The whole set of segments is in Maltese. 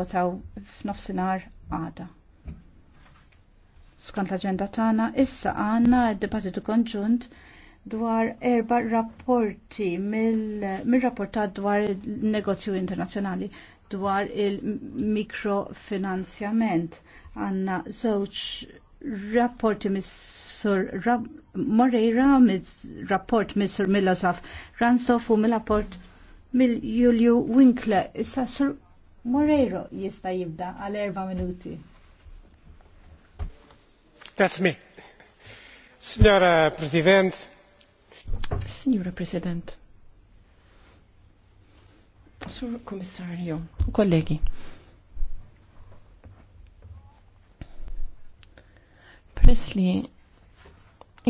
votaw f'nofsinhar għada. Skont l-aġenda tagħna, issa għandna d-dibattitu konġunt dwar erba rapporti mill-rapportat mil dwar il-negozju internazzjonali dwar il-mikrofinanzjament. Għanna żewġ rapporti mis-sur Moreira, mis-rapport mis-sur Millosaf Ransdorf u mill-rapport mill-Julju Winkler. Issa sur Moreiro jista jibda għal erba' minuti. That's me. Signora President. Signora President. Sur Komissarju, kollegi. Presli,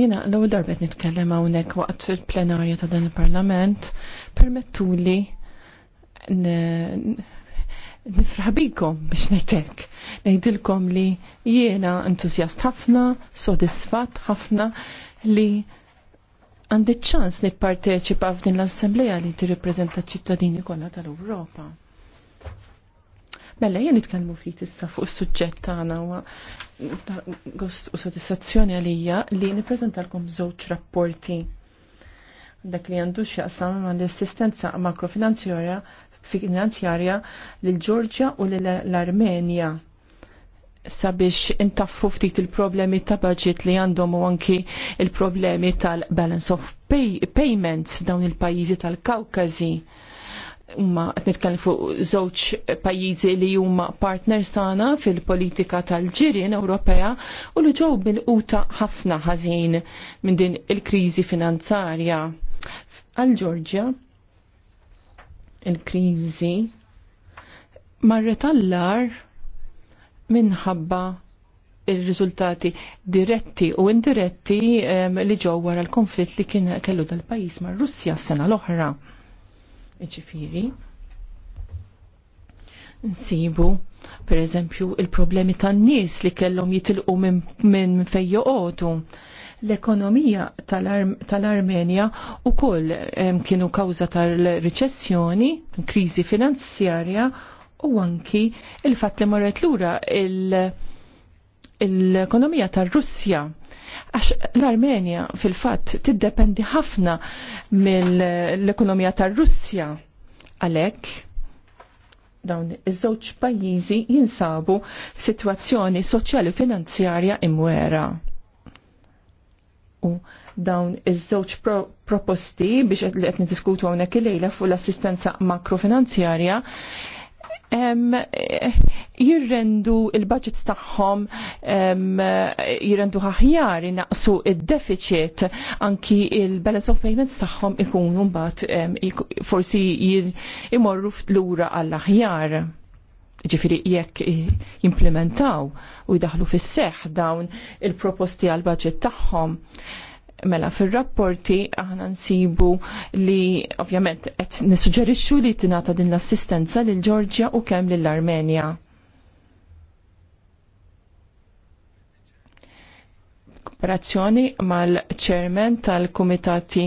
jina l-ewwel darbet nitkellem hawnhekk waqt fil-plenarja ta' dan il-Parlament, permettuli nifrabikom biex nejtek. Nejdilkom li jiena entuzjast ħafna, sodisfat ħafna li għandi ċans nipparteċipa f'din l-assembleja li reprezenta ċittadini kollha tal-Ewropa. Mella jien nitkellmu ftit issa fuq is-suġġett tagħna huwa gost u sodisfazzjoni għalija li nippreżentalkom żewġ rapporti dak li għandu x'jaqsam mal-assistenza makrofinanzjarja finanzjarja lil ġorġja u lill armenja sabiex intaffu ftit il-problemi ta' budget li għandhom u anki il-problemi tal-balance of pay payments f'dawn il-pajjiżi tal-Kawkazi. Umma qed nitkellem fuq żewġ pajjiżi li huma partners tagħna fil-politika tal-ġirien Ewropea u li ġew bil-quta ħafna ħażin minn din il-kriżi finanzarja. Għal-Ġorġja, il-kriżi marret allar minħabba il-riżultati diretti u indiretti li ġew wara l-konflitt li kien kellu dal-pajjiż mar Russja s-sena l-oħra. Ġifieri. Nsibu, per eżempju, il-problemi tan-nies li kellhom jitilqu minn min, min fejn joqogħdu L-ekonomija tal-Armenja u koll kienu kawza tal-reċessjoni, krizi finanzjarja u anki il-fat li marret lura l-ekonomija tal-Russja għax l-Armenja fil-fat tiddependi ħafna mill-ekonomija tar-Russja għalhekk dawn iż-żewġ pajjiżi jinsabu f'sitwazzjoni soċjali finanzjarja imwera u dawn iż-żewġ pro proposti biex li qed niddiskutu hawnhekk il-lejla fuq l-assistenza makrofinanzjarja jirrendu il-budget tagħhom jirrendu aħjar naqsu id-deficit anki il-balance of payments tagħhom ikunu mbagħad forsi jimorru lura għall-aħjar ġifiri jekk jimplementaw u jidaħlu fis seħ dawn il-proposti għal budget tagħhom. Mela fil-rapporti aħna nsibu li ovvjament qed nissuġġerixxu li tingħata din l-assistenza lil Ġorġja u kemm lill-Armenja. kooperazzjoni mal-ċermen tal-komitati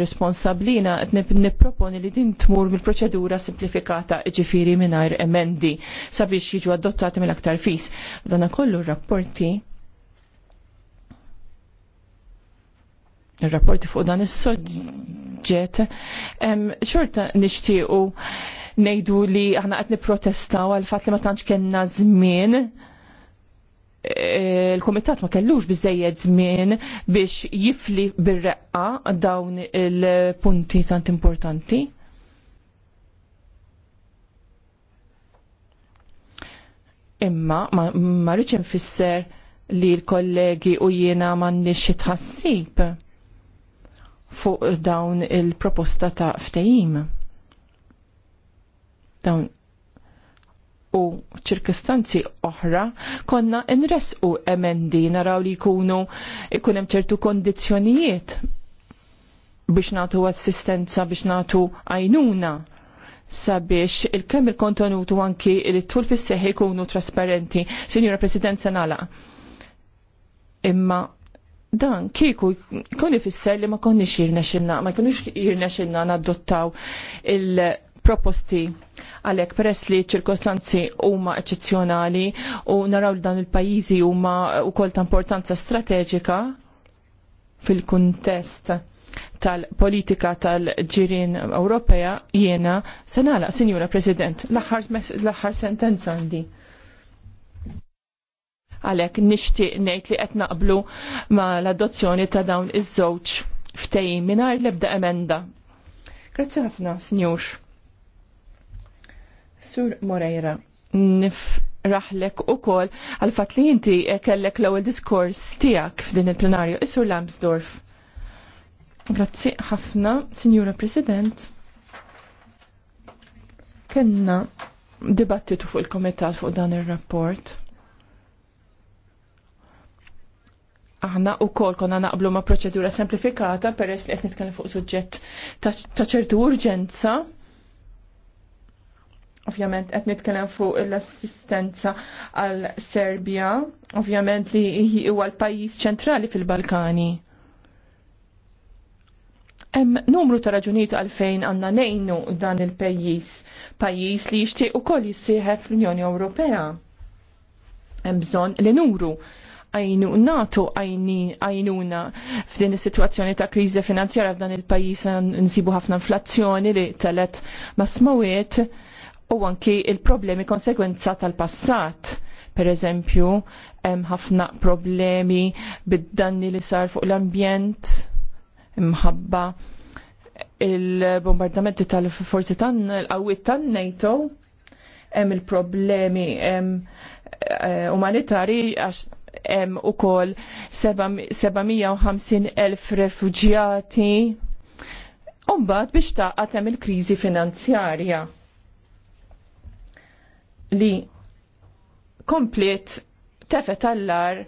responsablina niproponi li din tmur mill-proċedura simplifikata ġifiri minar emendi sabiex jiġu adottati mill-aktar fis. Dana kollu rapporti il-rapporti fuq dan is-soġġet, xorta nixtiequ ngħidu li aħna qed nipprotestaw għal fatt li ma tantx kellna żmien il-komitat ma kellux bizzejed żmien biex jifli bir-reqqa dawn il-punti tant importanti. Imma ma rridx infisser li l-kollegi u jiena m'għandniex xi tħassib fuq dawn il-proposta ta' ftehim. Dawn u ċirkistanzi oħra konna nresqu emendi naraw li jkunu kunem hemm ċertu kondizzjonijiet biex nagħtu assistenza biex nagħtu għajnuna sabiex il kem il-kontenutu anki il-tul fis-seħħ ikunu trasparenti. Signora President Sanala. Imma dan kieku kon ifisser li ma konniex jirnexxilna, ma jkunux jirnexxilna nadottaw il- proposti għalek peress li ċirkostanzi huma eċezzjonali u naraw li dan il-pajjiżi huma wkoll ta' importanza strateġika fil-kuntest tal-politika tal-ġirin Ewropea jiena se nagħlaq, Sinjura President, l-aħħar sentenza għandi. Għalek nixtieq ngħid li qed naqblu ma l-adozzjoni ta' dawn iż-żewġ ftehim mingħajr l-ebda emenda. Grazzi ħafna, Sinjur. Sur Moreira, nifraħlek u kol għal-fat li jinti kellek l ewwel diskors tijak f'din il-plenarju. Is-Sur Lambsdorf. Grazzi ħafna, Signora President. Kenna dibattitu fuq il-komitat fuq dan il-rapport. aħna u kol konna naqblu ma' proċedura semplifikata peress li qed nitkellem fuq suġġett ta' ċertu urġenza Ovvjament qed nitkellem fuq l-assistenza għal Serbia, ovvjament li huwa l-pajjiż ċentrali fil-Balkani. Hemm numru ta' raġunijiet għalfejn għandna nejnu dan il-pajjiż, pajjiż li jixtieq ukoll jissieħeb fl-Unjoni Ewropea. Hemm bżonn li nuru għajnu natu għajnuna f'din is-sitwazzjoni ta' kriżi finanzjara f'dan il-pajjiż nsibu ħafna inflazzjoni li telet ma' smawiet u anki il-problemi konsekwenza tal-passat. Per eżempju, hemm ħafna problemi bid-danni li sar fuq l-ambjent, imħabba il-bombardamenti tal-forzi tan l-qawwiet tan-NATO, hemm il-problemi eh, umanitari għax hemm ukoll 750 elf refuġjati. Umbagħad biex taqgħet hemm il-kriżi finanzjarja li komplet tefet allar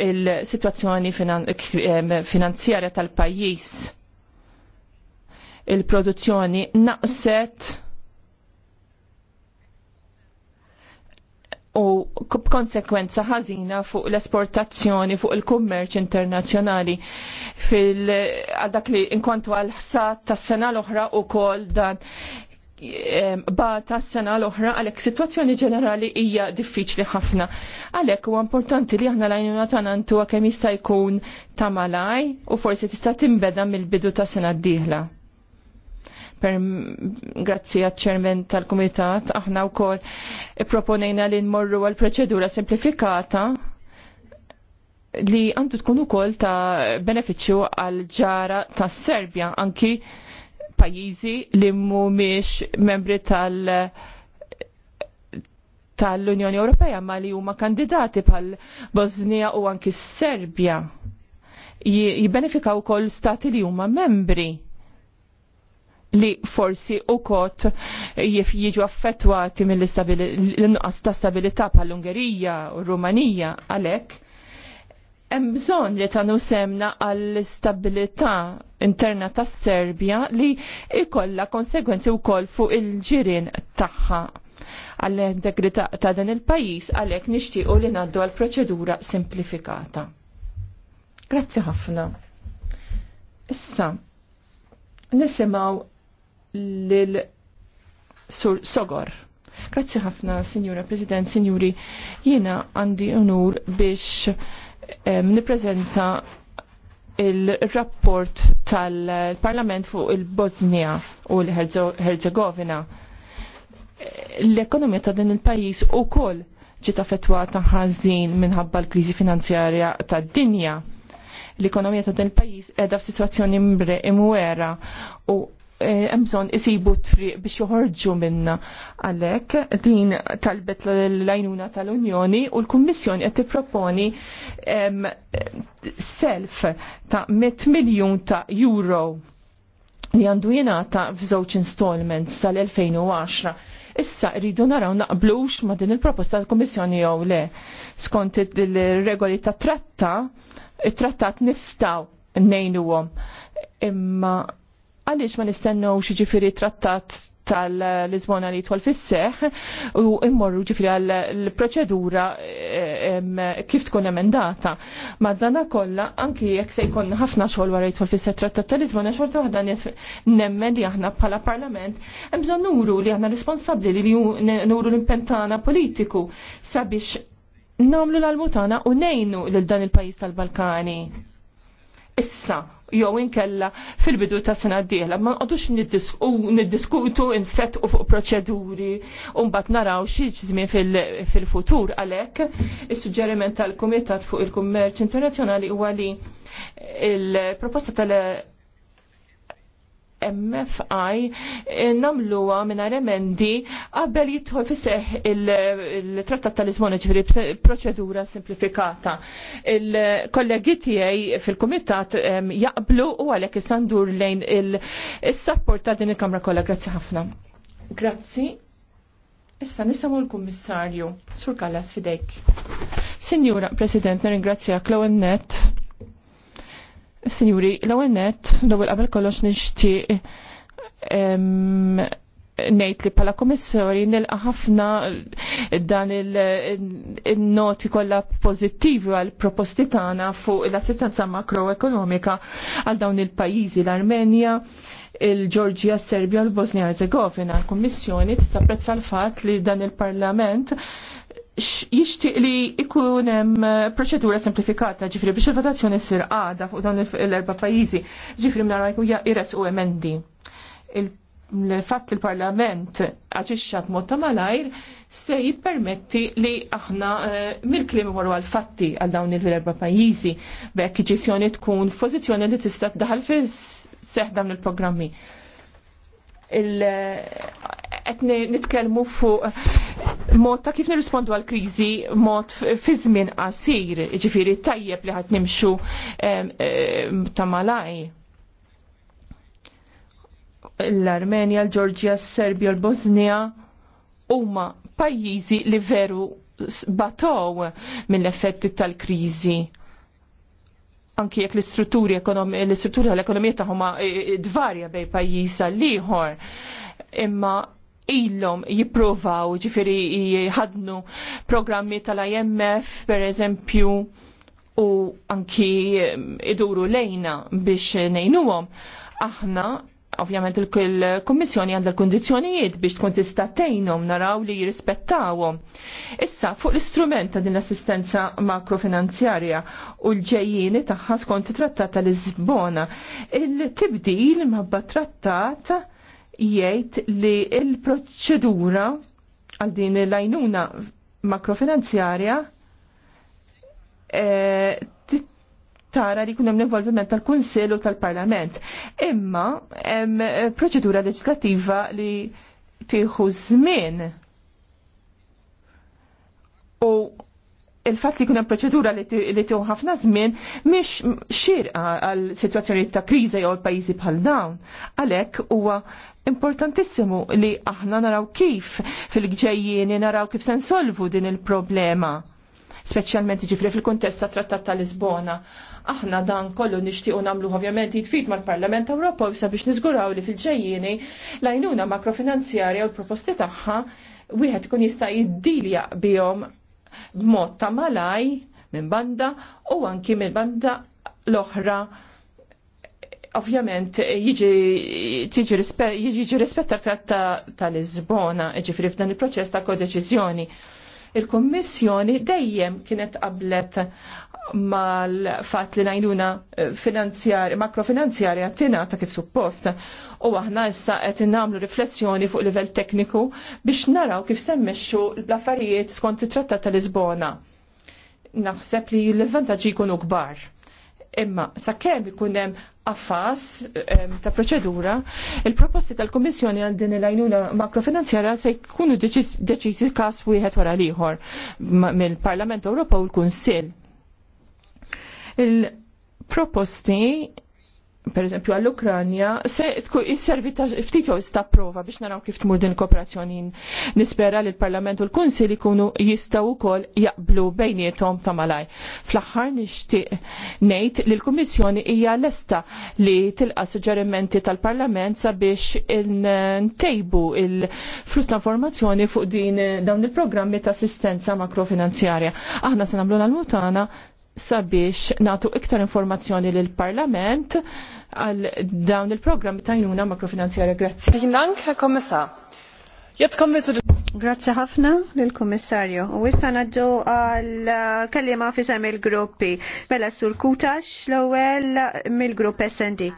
il-situazzjoni ehm, finanzjarja tal-pajis. Il-produzzjoni naqset u konsekwenza ħażina fuq l-esportazzjoni fuq il-kummerċ internazzjonali fil dak li inkontu għal ħsat tas sena l-oħra u kol dan bata s-sena l-oħra għalek situazzjoni ġenerali hija diffiċli ħafna. Għalek u importanti li aħna lajnuna tanantu kemm jista' jkun ta' malaj u forsi tista' timbeda mill-bidu ta' sena d-dieħla. Grazzi għal-ċermen tal-Kumitat, aħna wkoll proponejna li nmorru għal proċedura semplifikata li għandu tkun ukoll ta' beneficju għal ġara ta' Serbja anki pajjiżi li mhumiex membri tal- tal-Unjoni Ewropea ma li huma kandidati bħal Bosnija u anki s-Serbja jibbenefikaw kol stati li huma membri li forsi u kot jif jiġu affettwati mill nuqqas ta' stabilita pal ungerija u Rumanija għalhekk hemm bżonn li tagħnu semna għall-istabilità interna tas Serbja li ikolla konsegwenzi wkoll fuq il-ġirien tagħha għall integrità ta' dan il-pajjiż għalhekk nixtiequ li ngħaddu għal proċedura simplifikata. Grazzi ħafna. Issa nisimgħu lil Sur Sogor. Grazzi ħafna, Sinjura President, Sinjuri, jiena għandi unur biex nipprezenta il-rapport tal-Parlament fuq il-Bosnia u l-Herzegovina. L-ekonomija ta' din il-pajis u koll ġiet affettwata ħażin minħabba l-kriżi finanzjarja tad-dinja l-ekonomija ta' din il-pajis edha f'sitwazzjoni imwera u Eh, emżon isibu triq biex joħorġu minna għalek din talbet l-lajnuna tal-Unjoni u l-Kummissjoni qed tipproponi self ta' 100 miljun ta' euro li għandu jenata f'żewġ installments sal-2010. Issa rridu naraw naqblux ma' din il-proposta tal-Kummissjoni jew le. Skont il-regoli ta' tratta, it-trattat nistaw nejnuhom imma għaliex ma nistennu xieġifiri trattat tal-Lisbona li twal fisseħ u immorru ġifri għal-proċedura kif tkun emendata. Ma dana kolla, anki jek se jkun ħafna xol wara twal fisseħ trattat tal-Lisbona, xorta għadha nemmen li aħna bħala parlament, emżon nuru li aħna responsabli li nuru l-impentana politiku sabiex namlu l-almutana u nejnu l-dan il-pajis tal-Balkani. Issa, jew inkella fil-bidu ta' sena d-dieħla. Ma nqodux niddiskutu infett u fuq proċeduri u mbagħad naraw xi żmien fil-futur għalhekk is-suġġeriment tal-Kumitat fuq il-Kummerċ Internazzjonali huwa li il-proposta tal- MFI eh, namluwa mingħajr emendi qabel jidħol fisseħ il-trattat tal-Lisbona ġifri proċedura simplifikata. Il-kollegi tiegħi fil-kumitat jaqblu u għalhekk isandur lejn il-support ta' din il-Kamra kollha. Grazzi ħafna. Grazzi. Issa nisamu l-Kummissarju, Sur Kallas fidejk. Signora President, nirringrazzjak l-għonnet Sinjuri, l-ewwel nett, l-ewwel qabel kollox nixtieq nejt li pala komissori nilqa ħafna dan il-noti kolla pozittivi għal proposti tagħna fuq l-assistenza makroekonomika għal dawn il-pajjiżi l-Armenja il-Georgia, Serbia, l-Bosnia Herzegovina. L-Kommissjoni tista' l-fatt li dan il-Parlament jishtiq li ikun hemm eh, proċedura semplifikata ġifri biex il-votazzjoni sir għada fuq dawn l-erba' pajjiżi ġifri minna rajku jaqires u emendi. Il-fatt il-Parlament aġixxa b'mod ta' malajr se jippermetti li aħna eh, mill-klim waru għal-fatti għal dawn il erba pajjiżi b'hekk ġizjoni tkun f'pożizzjoni li tista' daħal fis seħ dawn il-programmi qed nitkellmu fuq mod ta' kif nirrispondu għal kriżi mod fi żmien qasir, ġifieri tajjeb li ħadd nimxu ta' malaj. L-Armenja, l-Ġorġja, s-Serbja, l-Bosnija huma pajjiżi li veru batow mill-effetti tal-kriżi anki jekk l-istrutturi l-istrutturi tal-ekonomija tagħhom e, e, dvarja bejn pajjiż għal ieħor. Imma ilhom jippruvaw ġifiri jħadnu programmi tal-IMF per eżempju u anki iduru lejna biex nejnuhom. Aħna ovvjament il-Kommissjoni għandha l-kondizjonijiet biex tkun tista' tgħinhom naraw li jirrispettawhom. Issa fuq l-istrument ta' din l-assistenza makrofinanzjarja u l-ġejjieni tagħha skont it-Trattat ta' Lisbona, il-tibdil mabba trattat jgħid li il-proċedura għal din l ajnuna makrofinanzjarja eh, tara li kunem l-involviment tal kunsel u tal-Parlament. Imma hemm proċedura leġislattiva li tieħu żmien u il-fat li kuna proċedura li tiħu ħafna żmien mhix xirqa għal situazzjoni ta' kriża jew pajjiżi bħal dawn. Għalhekk huwa importantissimu li aħna naraw kif fil-gġejjieni naraw kif se nsolvu din il-problema speċjalment ġifri fil-kontest ta' trattat ta' Lisbona. Aħna dan kollu nixtiequ nagħmlu ovvjament jitfid mal-Parlament Ewropew sabiex niżguraw li fil-ġejjieni lajnuna makrofinanzjarja u l-proposti tagħha wieħed ikun jista' jiddilja bihom b'mod ta' malaj minn banda u anki minn banda l-oħra ovvjament jiġi rispettat tal-Lisbona, ġifri f'dan il-proċess ta' kodeċizjoni. Il-Kommissjoni dejjem kienet qablet mal-fat li najnuna eh, finanzjari, makrofinanzjarja għattina ta' kif suppost. U aħna issa qed nagħmlu riflessjoni fuq livell tekniku biex naraw kif semmexxu l-blaffarijiet skont it-Trattat ta' Lisbona. Naħseb li l vantagġi jkunu kbar. Imma sakemm ikun hemm affas ta' proċedura, il-proposti tal komissjoni għal din il-għajnuna makrofinanzjara se jkunu deċiżi każ wieħed wara l-ieħor mill-Parlament Ewropew u l-Kunsill Il-proposti per eżempju għall-Ukranja, se jisservi ta' ftit jew sta' prova biex naraw kif tmur din kooperazzjoni. Nispera li l-Parlament u l-Kunsil ikunu jistgħu wkoll jaqblu bejniethom ta' malaj. Fl-aħħar nixtieq ngħid li l-Kummissjoni hija lesta li tilqa' suġġerimenti tal-Parlament sabiex ntejbu il-flus ta' informazzjoni fuq din dawn il-programmi ta' assistenza makrofinanzjarja. Aħna se nagħmlu l-mutana sabiex natu iktar informazzjoni lil parlament għal dawn il-programm ta' jnuna makrofinanzjarja. Grazzi. Dinank, komissar. Jetzt kommen wir zu den Grazzi ħafna lill kommissarju U issa naġġu għal kellima fi mill gruppi Mela sur Kutax l-ewwel mill-grupp SD.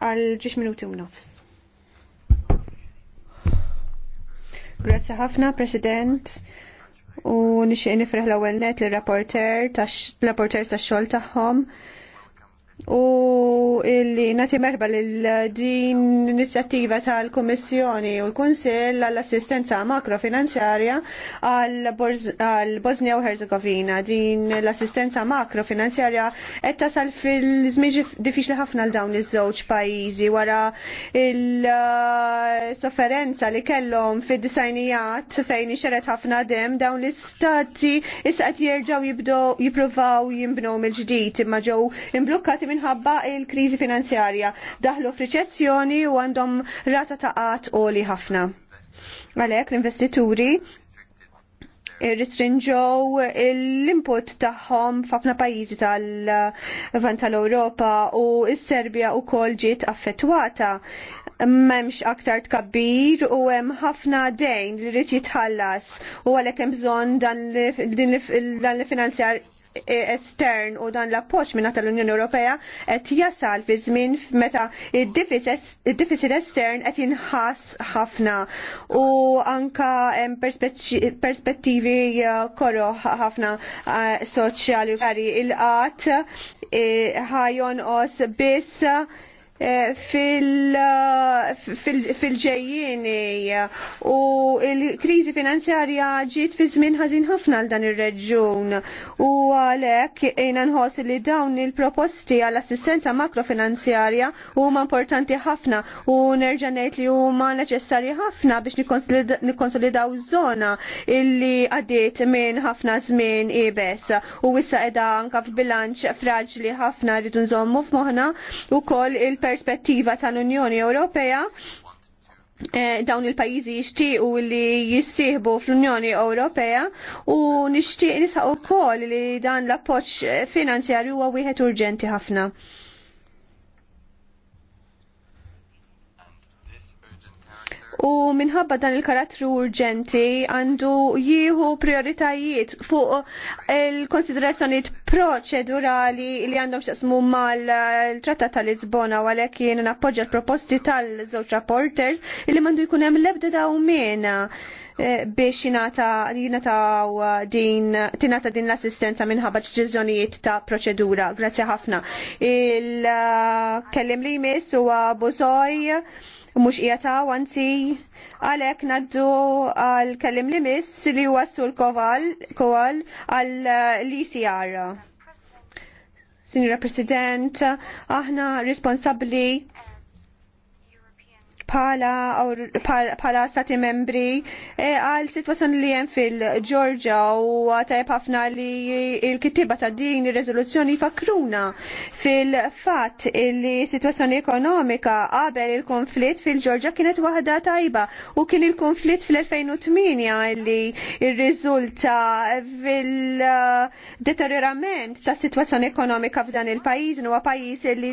Għal ġiex minuti u nofs. Grazie ħafna, President u nixtieq nifreħ l-ewwel net lir-rapporter tax-xogħol tagħhom u illi nati merba l-din inizjattiva tal-Komissjoni u l-Kunsill għall-assistenza makrofinanzjarja għal-Bosnia u Herzegovina. Din l-assistenza makrofinanzjarja qed tasal fil-żmiġ diffiċli ħafna l dawn iż-żewġ pajjiżi wara il-sofferenza li kellhom fid-disajnijat fejn ixeret ħafna dem dawn l-istati issa qed jerġgħu jibdew jippruvaw jinbnew mill-ġdid imma ġew imblukkati minħabba il-kriżi finanzjarja daħlu f'riċezzjoni u għandhom rata ta' qatt għoli ħafna. Għalhekk l-investituri ristrinġow l-input tagħhom f'ħafna pajjiżi tal-Van tal-Ewropa u s-Serbja wkoll ġiet affettwata memx aktar tkabbir u hemm ħafna dejn li rrid jitħallas u għalhekk hemm bżonn dan l finanzjar estern u dan l-appoċ minna tal-Unjoni Ewropea qed jasal fi żmien meta id-deficit estern qed jinħas ħafna u anka hemm perspettivi eh, korro ħafna eh, soċjali vari il għat eh, ħajon os biss Eh, eh, fil-ġejjini eh, u l-kriżi finanzjarja ġiet fi żmien ħażin ħafna għal dan ir-reġjun u għalhekk jiena nħoss li dawn il-proposti għall assistenza makrofinanzjarja huma importanti ħafna u nerġa' ngħid li huma neċessarji ħafna biex nikkonsolidaw żona illi għaddiet minn ħafna żmien ibes u issa qiegħda anke f'bilanċ fraġli ħafna rridu nżommu f'moħħna ukoll il perspettiva tal-Unjoni Ewropea eh, dawn il-pajizi jixtiequ li jissieħbu fl-Unjoni Ewropea u nixtieq nisaq ukoll li dan l-appoġġ finanzjarju huwa wieħed urġenti ħafna. u minħabba dan il-karattru urġenti għandu jieħu prioritajiet fuq il-konsiderazzjoniet proċedurali li għandhom xasmu mal-Trattat tal-Lisbona u għalhekk jien nappoġġa l-proposti tal-żewġ rapporters li mandu jkun hemm l-ebda dawmien eh, biex jinata, din, tinata din l-assistenza minħabba ċġizjonijiet ta' proċedura. Grazie ħafna. Il-kellim eh, li jmiss huwa Bozoj mux jataw anzi, għalek naddu għal kellim li miss li huwa l koval għal eh, l-ICR. Signora President, aħna responsabli pala, pala, pala stati membri e, għal e, situazzjoni li jen fil georgia u għatajb ħafna li il-kittiba ta' din il-rezoluzzjoni fakruna fil-fat li situazzjoni ekonomika qabel il-konflitt fil georgia kienet waħda tajba u kien il-konflitt fil-2008 li il-rizulta fil-deteriorament ta' situazzjoni ekonomika f'dan il-pajiz u pajiz li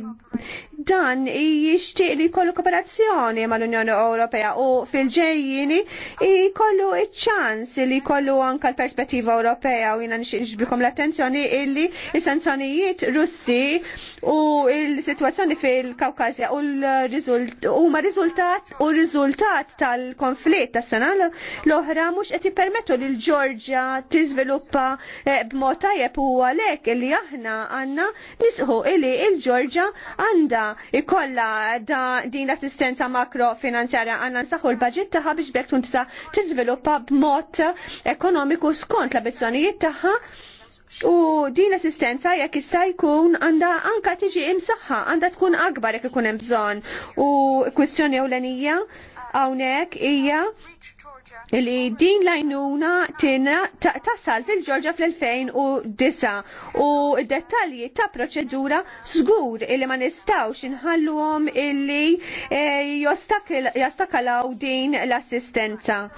dan jixtieq li kollu kooperazzjoni ma' mal-Unjoni Ewropea u fil-ġejjini jkollu iċ-ċans li jkollu anka l-perspettiva Ewropea u jiena nixbikom l-attenzjoni illi il sanzjonijiet Russi u l-sitwazzjoni fil-Kawkazja u huma riżultat u riżultat tal-konflitt tas-sena l-oħra mhux qed jippermettu l Ġorġja tiżviluppa eh, b'mod tajjeb u għalhekk li aħna għandna nisħu illi il-Ġorġja għandha ikolla din l-assistenza makro makrofinanzjarja għanna nsaħu l-budget taħħa biex bekk tuntisa tiżviluppa b'mod ekonomiku skont l bizzonijiet taħħa U din assistenza jekk jista' jkun għandha anka tiġi imsaħħa, għandha tkun akbar jekk ikun hemm bżonn. U kwistjoni ewlenija hawnhekk hija li din lajnuna tasal fil-ġorġa fl-2009 u dettalji ta' proċedura zgur illi ma nistawx inħalluhom illi eh, jostakalaw din l-assistenza.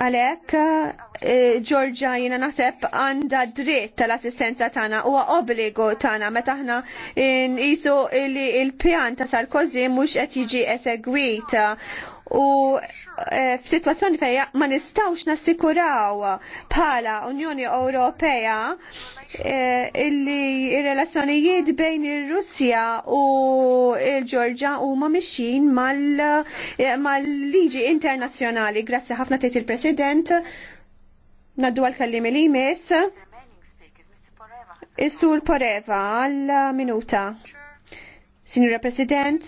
Għalek, eh, Ġorġa jina naħseb għanda dritt tal-assistenza tana u obbligu tana meta ħna jisu li il-pjan ta' Sarkozy mux qed jiġi esegwita u eh, f'sitwazzjoni feja ma nistgħux nassikuraw bħala Unjoni Ewropea eh, illi ir-relazzjonijiet bejn ir-Russja u l-Ġorġa huma mixin eh, mal-liġi internazzjonali. Grazzi ħafna tgħid il-President. Naddu għal-kallim li jmiss. Is-sur Poreva għal-minuta. Signora President,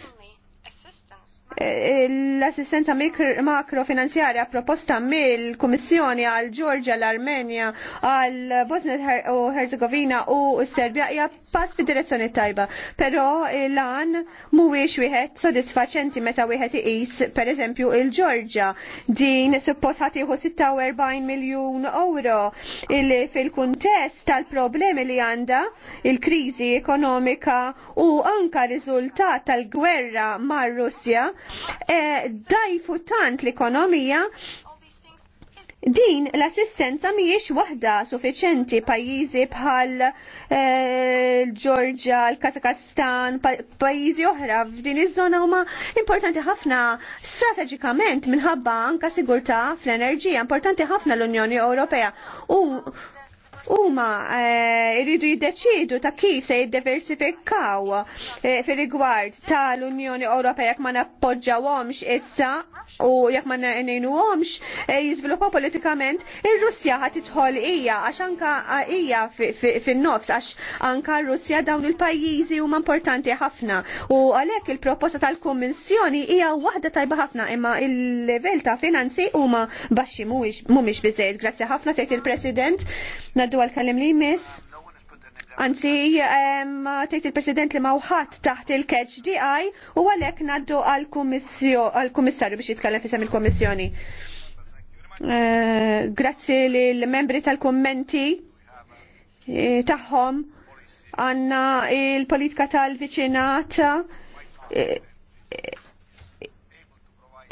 l-assistenza makrofinanzjarja proposta mill-Kummissjoni għal Ġorġa, l-Armenja, għal Bosnia u Herzegovina u Serbia hija pass fi direzzjoni tajba. Però l-an mhuwiex wieħed sodisfaċenti meta wieħed iqis pereżempju il-Ġorġa din suppost ħadd jieħu 46 miljun euro illi fil-kuntest tal-problemi li għandha il-kriżi ekonomika u anka riżultat tal-gwerra mar-Russja Eh, dajfu tant l-ekonomija Din l-assistenza mhijiex waħda suffiċenti pajjiżi bħal l-Ġorġa, eh, l-Kazakastan, pajjiżi oħra f'din iż-żona huma importanti ħafna strateġikament minħabba anka sigurtà fl-enerġija, importanti ħafna l-Unjoni Ewropea. U huma jridu eh, jiddeċidu ta' kif se jiddiversifikaw eh, fir-rigward tal-Unjoni Ewropea jekk ma nappoġġawhomx issa u jekk ma ngħinuhomx eh, jiżviluppaw politikament ir-Russja ħadd tidħol hija għax anka hija fin-nofs għax anka r-Russja dawn il-pajjiżi huma importanti ħafna u għalhekk il-proposta tal-Kummissjoni hija waħda tajba ħafna imma il-livell ta' finanzi huma baxxi mhumiex biżejjed. Grazzi ħafna tgħid il-President. Nadu għal-kallim li jmiss. Anzi, tejt il-President li mawħat taħt il-catch DI u għalek naddu għal-Komissarju biex jitkellem fisem il-Komissjoni. Eh, grazzi l-membri tal-kommenti eh, taħħom għanna il-politika tal-viċinata eh,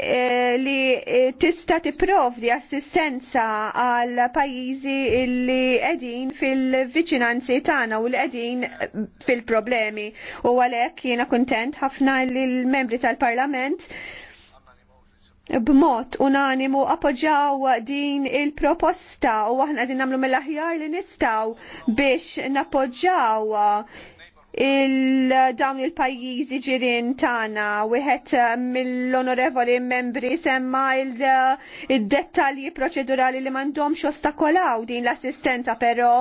Eh, li eh, tista tipprovdi assistenza għal pajjiżi li qegħdin fil-viċinanzi tagħna u li qegħdin fil-problemi. U għalhekk jiena kuntent ħafna li l-membri tal-Parlament b'mod unanimu appoġġaw din il-proposta u aħna din nagħmlu mill-aħjar li nistgħu biex nappoġġaw il-dawn il-pajjiżi ġirien tagħna wieħed eh, mill-onorevoli membri semma il-dettalji eh, proċedurali li m'għandhomx ostakolaw din l-assistenza però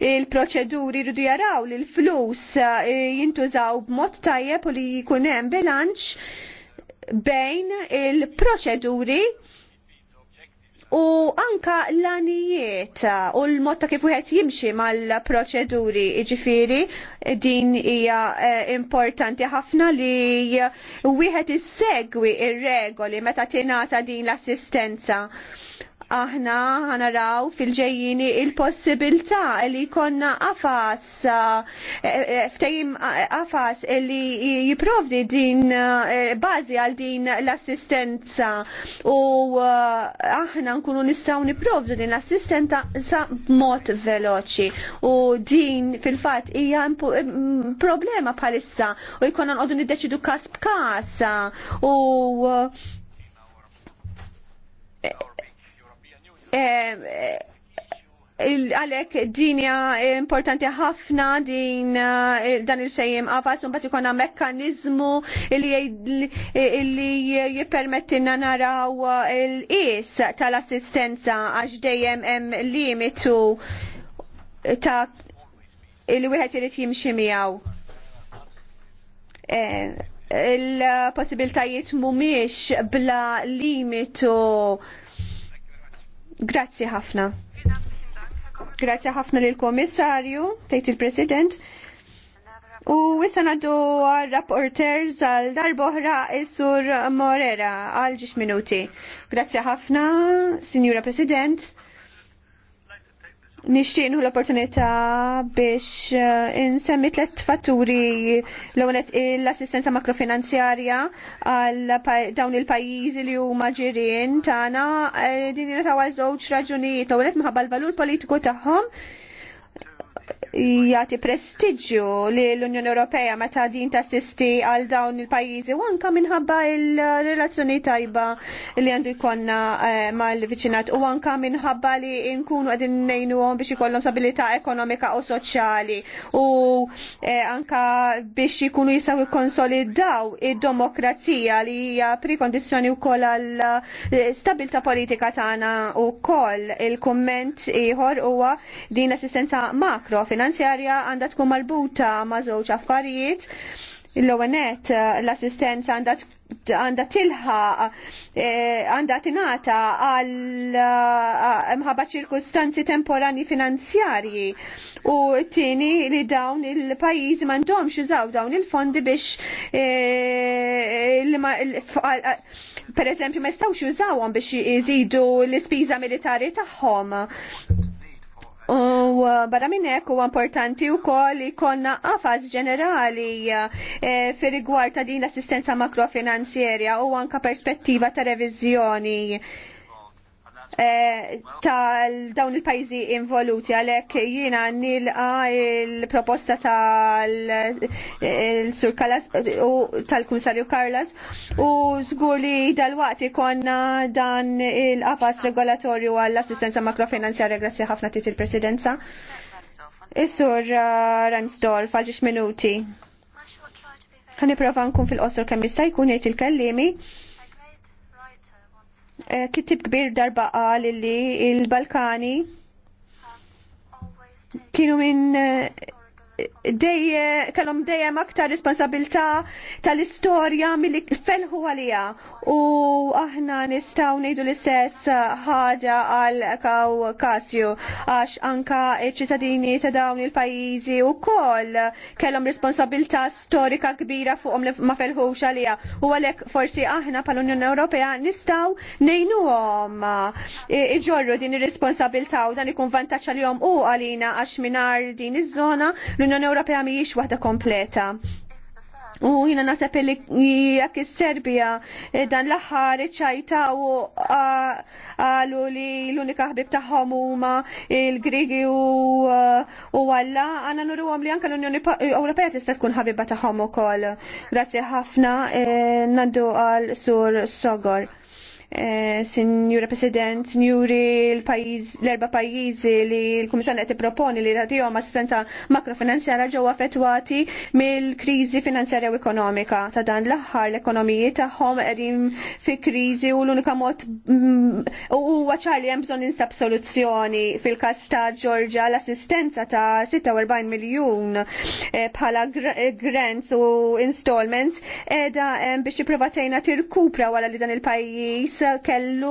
il-proċeduri rridu jaraw li l-flus eh, jintużaw b'mod tajjeb u li jkun hemm bilanċ bejn il-proċeduri u anka l-anijiet u l motta kif wieħed jimxi mal-proċeduri ġifiri din hija eh, importanti ħafna li wieħed issegwi ir-regoli meta tingħata din l-assistenza aħna ħanaraw fil-ġejjini il-possibilità li konna għafas eh, eh, ftajim għafas li jiprovdi din eh, bażi għal din l-assistenza u aħna nkunu nistgħu niprovdi din l-assistenza b'mod veloċi u din fil-fatt hija mm, problema bħalissa u jkollna nqogħdu niddeċidu kas b'każ u Eh, għalek dinja importanti ħafna din eh, dan il-xejjem għafas un bat ikona mekkanizmu li jipermettina naraw eh, il-qis tal-assistenza għax dejjem hemm limitu ta' li wieħed irid jimxi miegħu. Il-possibiltajiet mhumiex bla limitu Grazzi ħafna. Grazzi ħafna lil komissarju tejt il-President. U issa għaddu rapporters għal darboħra is-sur Morera għal ġiex minuti. Grazzi ħafna, Signora President nixtienu l-opportunità biex eh, insemmi tlet fatturi l-għonet l-assistenza makrofinanzjarja għal dawn il-pajizi li huma ġirien tagħna eh, din jirtawa żewġ raġunijiet l-għonet maħabba l-valur politiku tagħhom jagħti prestiġju li l-Unjoni Ewropea meta din tassisti għal dawn il-pajjiżi u anke minħabba il-relazzjoni tajba li għandu jkollna eh, mal-viċinat u anka minħabba li nkunu qegħdin ngħinuhom biex jkollhom stabilità ekonomika u soċjali u eh, anke biex jkunu jisaw jikkonsolidaw id-demokrazija li hija prekondizzjoni wkoll għal eh, stabilta politika tagħna wkoll il-kumment ieħor huwa din assistenza makro finanzjarja finanzjarja għandha tkun marbuta ma' żewġ affarijiet. L-ONET eh, l-assistenza għandha għanda tilħa eh, għanda tinata għal eh, mħabba ċirkustanzi temporani finanzjarji u tini li dawn il-pajiz mandom xizaw dawn il-fondi biex per eżempju ma jistawx jużawhom biex jizidu l-ispiża militari tagħhom. U uh, barra minnek u importanti u koll li konna għafas ġenerali uh, eh, fi rigward ta' din l-assistenza makrofinanzjerja u anka perspettiva ta' revizjoni Eh, tal-dawn il-pajzi involuti għalek jiena nilqa il-proposta tal-Sur eh, Kalas u tal-Kunsarju Karlas u zgur li dal-waqt ikonna dan il-qafas regolatorju għall-assistenza makrofinanzjarja grazzi ħafna tit il-presidenza. Is-sur eh, Ransdorf għal minuti. prova nkun fil-qosor kemm jista' jkun jgħid il-kellimi. Eh, kittib kbir darba għal li il-Balkani kienu minn eh, dejje kellhom dejjem aktar responsabilità tal-istorja milli felħu għalija u aħna nistgħu ngħidu l-istess ħaġa għal kaw Kasju għax anka ċittadini ta' dawn il-pajjiżi wkoll kellhom responsabilità storika kbira fuqhom li ma felħux għalija u għalhekk forsi aħna pal-Unjoni Ewropea nistgħu ngħinuhom iġorru din ir-responsabilità u dan ikun li għom u għalina għax mingħajr din iż-żona L-Unjoni Ewropea mhijiex waħda kompleta. U jina nasab li jekk is-Serbija eh, dan l-aħħar ċajta u għalu li l-unika ħbib tagħhom huma il-Grigi u eh, Alla, għandna nurruhom li anke l-Unjoni Ewropea tista' tkun ħabiba tagħhom ukoll. Grazzi ħafna eh, nandu għal sur Sogor. Eh, Signora President, signori l-erba pajjiżi li l komissjoni qed proponi li jagħtihom assistenza makrofinanzjara ġew affettwati mill-kriżi finanzjarja u ekonomika. Ta' dan l-aħħar l-ekonomiji tagħhom qegħdin fi kriżi u l-unika mod mm, huwa ċarli hemm bżonn instab soluzzjoni fil-każ ta' Ġorġa l-assistenza ta' 46 miljun eh, bħala eh, grants u installments edha biex jipprova tgħinha tirkupra wara li dan il-pajjiż issa kellu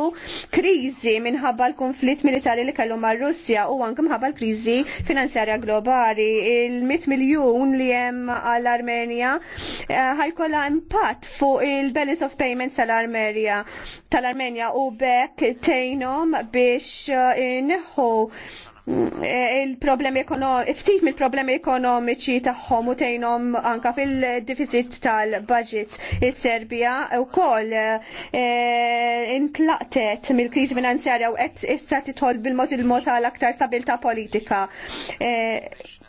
kriżi minħabba l-konflitt militari li kellu mar Russja u anke minħabba l-kriżi finanzjarja globali. Il-100 miljun li hemm għall-Armenja eh, ħajkolla impatt fuq il-balance of payments tal-Armenja tal-Armenja u bekk tejnom biex eh, inħu il-problemi ftit mill-problemi ekonomiċi tagħhom u tgħinhom anka fil-deficit tal-budgets. Is-Serbja wkoll eh, intlaqtet mill-kriżi finanzjarja u qed issa titħol bil-mod il-mod għal aktar stabilità politika. Eh,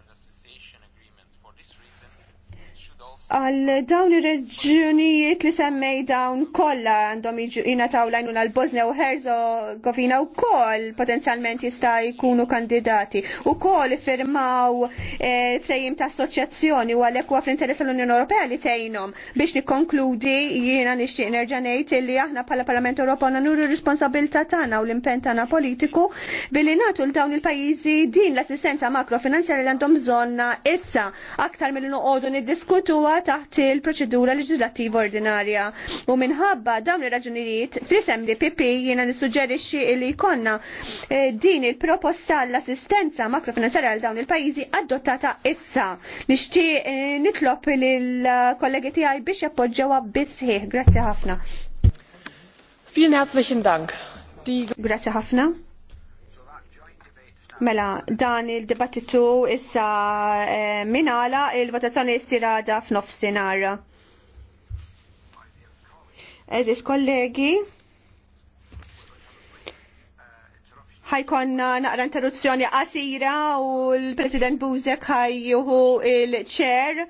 għal dawn ir-reġunijiet li semmej dawn kollha għandhom jingħataw lajnuna l-Bosnia u Herzegovina wkoll potenzjalment jista' jkunu kandidati. kol firmaw e, eh, ta' assoċjazzjoni u għalhekk huwa fl-interess tal-Unjoni Ewropea li tejnom biex nikkonkludi jiena nixtieq nerġa' ngħid li aħna bħala Parlament Ewropa nuru r-responsabilità tagħna u l impen tagħna politiku billi nagħtu l dawn il-pajjiżi din l-assistenza makrofinanzjarja li għandhom bżonna issa aktar milli noqogħdu niddiskutuha taħt il-proċedura leġislattiva ordinarja. U minħabba dawn ir-raġunijiet fl-Assembly PP jiena nissuġġerixxi li jkollna eh, din il-proposta l-assistenza makrofinanzjarja għal dawn il-pajjiżi adottata issa. Nixtieq eh, nitlob lill-kollegi tiegħi biex jappoġġewha bisħieħ. Grazzi ħafna. Vielen herzlichen Dank. Grazie ħafna. Mela, dan il-dibattitu issa eh, minala il-votazzjoni istirada f'nofsinhar. Eżis kollegi, ħajkonna naqra interruzzjoni qasira u l-President Buzek ħajjuhu il-ċer.